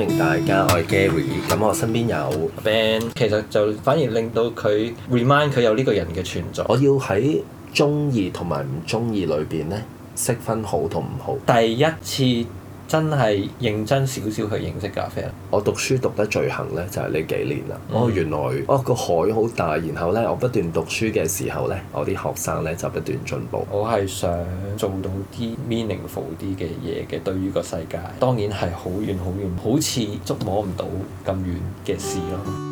歡迎大家，我係 Gary，咁我身邊有 b a n d，其實就反而令到佢 remind 佢有呢個人嘅存在。我要喺中意同埋唔中意裏邊呢，識分好同唔好。第一次。真係認真少少去認識咖啡。我讀書讀得最行呢就係、是、呢幾年啦，嗯。哦，原來哦個海好大，然後呢，我不斷讀書嘅時候呢，我啲學生呢就不斷進步。我係想做到啲 meaningful 啲嘅嘢嘅，對於個世界，當然係好遠好遠，好似捉摸唔到咁遠嘅事咯。